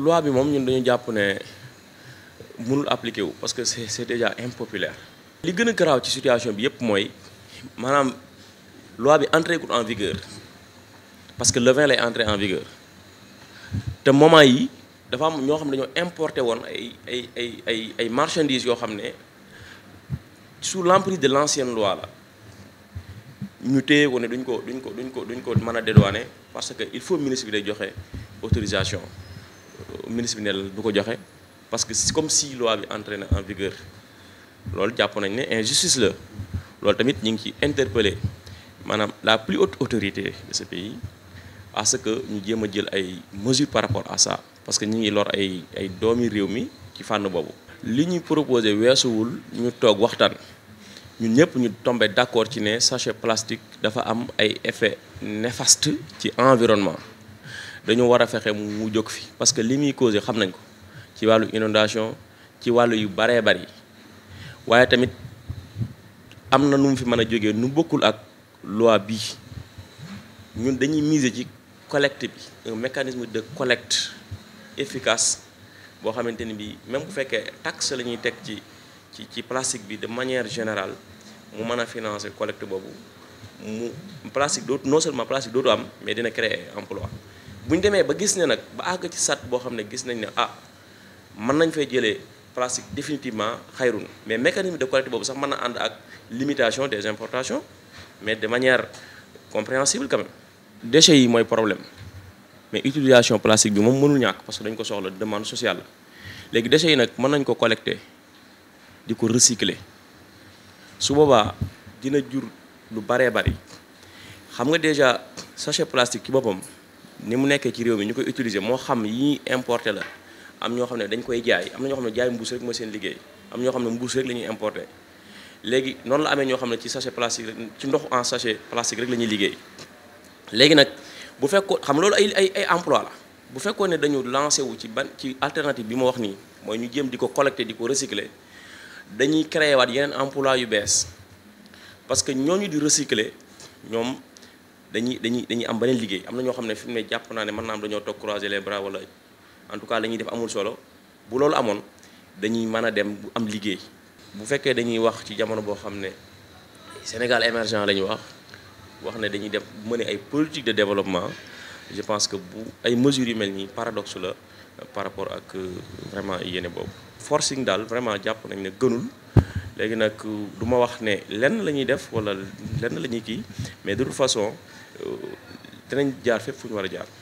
loi bi mom ñun dañu japp né mënul appliqué wu parce que c'est c'est déjà impopulaire. li gëna graw ci situation bi yépp mooy manam loi bi entré gul en vigueur parce que le vin lay entré en vigueur te moment yi dafa am ñoo xam ne dañoo importé woon ay ay ay ay ay marchandises yoo xam ne sous l'emprise de l'ancienne loi la ñu téye ko ne duñ ko duñ ko duñ ko duñ ko mën a dédouaner parce que il faut ministre bi day joxe autorisation ministre de du parce que c'est comme si loi entrait entraîné en vigueur le jàpp nañ injustice c'est loolu tamit avons interpellé la plus haute autorité de ce pays à ce que nous ayons des mesures par rapport à ça parce que nous avons lor ay ay doomi réew fait ci ce que nous avons proposé weesuwul ñu toog waxtaan nous sommes ñu tomber d'accord le ci sachet plastique dafa am ay effets néfastes ci dañu wara fexé mu jóg fi parce que limi causé xam nañ ko ci walu inondation ci walu yu baree bari waaye tamit amna na nu fi mëna joggé nu bokkul ak loi bi ñun dañuy miser ci collecte bi un mécanisme de collecte efficace bo xamante bi même bu fekkee taxe lañuy ñuy ci ci ci plastique bi de manière générale mu mëna financer collecte bobu mu plastique dootu non seulement plastique dootu am mais dina créer emploi bu ñu demee ba gis ne nag ba àgg ci sat boo xam ne gis nañ ne ah mën nañ fay jëlee plastique définitivement xayrun mais mécanisme de collecte boobu sax mën na ànd ak limitation des importations mais de manière compréhensible quand même déchets yi mooy problème mais utilisation plastique bi moom mënul ñàkk parce que dañ ko soxla demande sociale la léegi dése yi nag mën nañ ko collecter di ko recycler su boobaa dina jur lu baree bari xam nga déjà sachet plastique ci boppam ni mu nekkee ci réew mi ñu koy utiliser moo xam yi importé la am ñoo xam ne dañ koy jaay am na ñoo xam ne jaay mbuus rek mooy seen liggéey am ñoo xam ne mbuus rek la ñuy importé léegi noonu la amee ñoo xam ne ci sachet plastique ci ndox en sachet plastique rek la ñuy liggéey léegi nag bu fekkoo xam loolu ay ay ay emploi la bu fekkoo ne dañu lancé wu ci ban ci alternative bi ma wax nii mooy ñu jéem di ko collecté di ko recycler dañuy créé waat yeneen emploi yu bees parce que ñooñu di recycler ñoom dañuy dañuy dañuy am beneen liggéey am na ñoo xam ne fi mu ne jàpp naa ne mën naa am dañoo toog croiser les en tout cas la ñuy def amul solo bu loolu amoon dañuy mën a dem bu am liggéey bu fekkee dañuy wax ci jamono boo xam ne Sénégal émergent la ñu wax wax ne dañuy def mener ay politique de développement je pense que bu ay mesures yu mel nii paradoxe la euh, par rapport ak euh, vraiment yéene boobu forcing daal vraiment jàpp nañ ne gënul léegi nag euh, du ma wax ne lenn la ñuy def wala lenn la ñuy kii mais de toute façon euh, dinañ jaar fépp fu ñu war a jaar.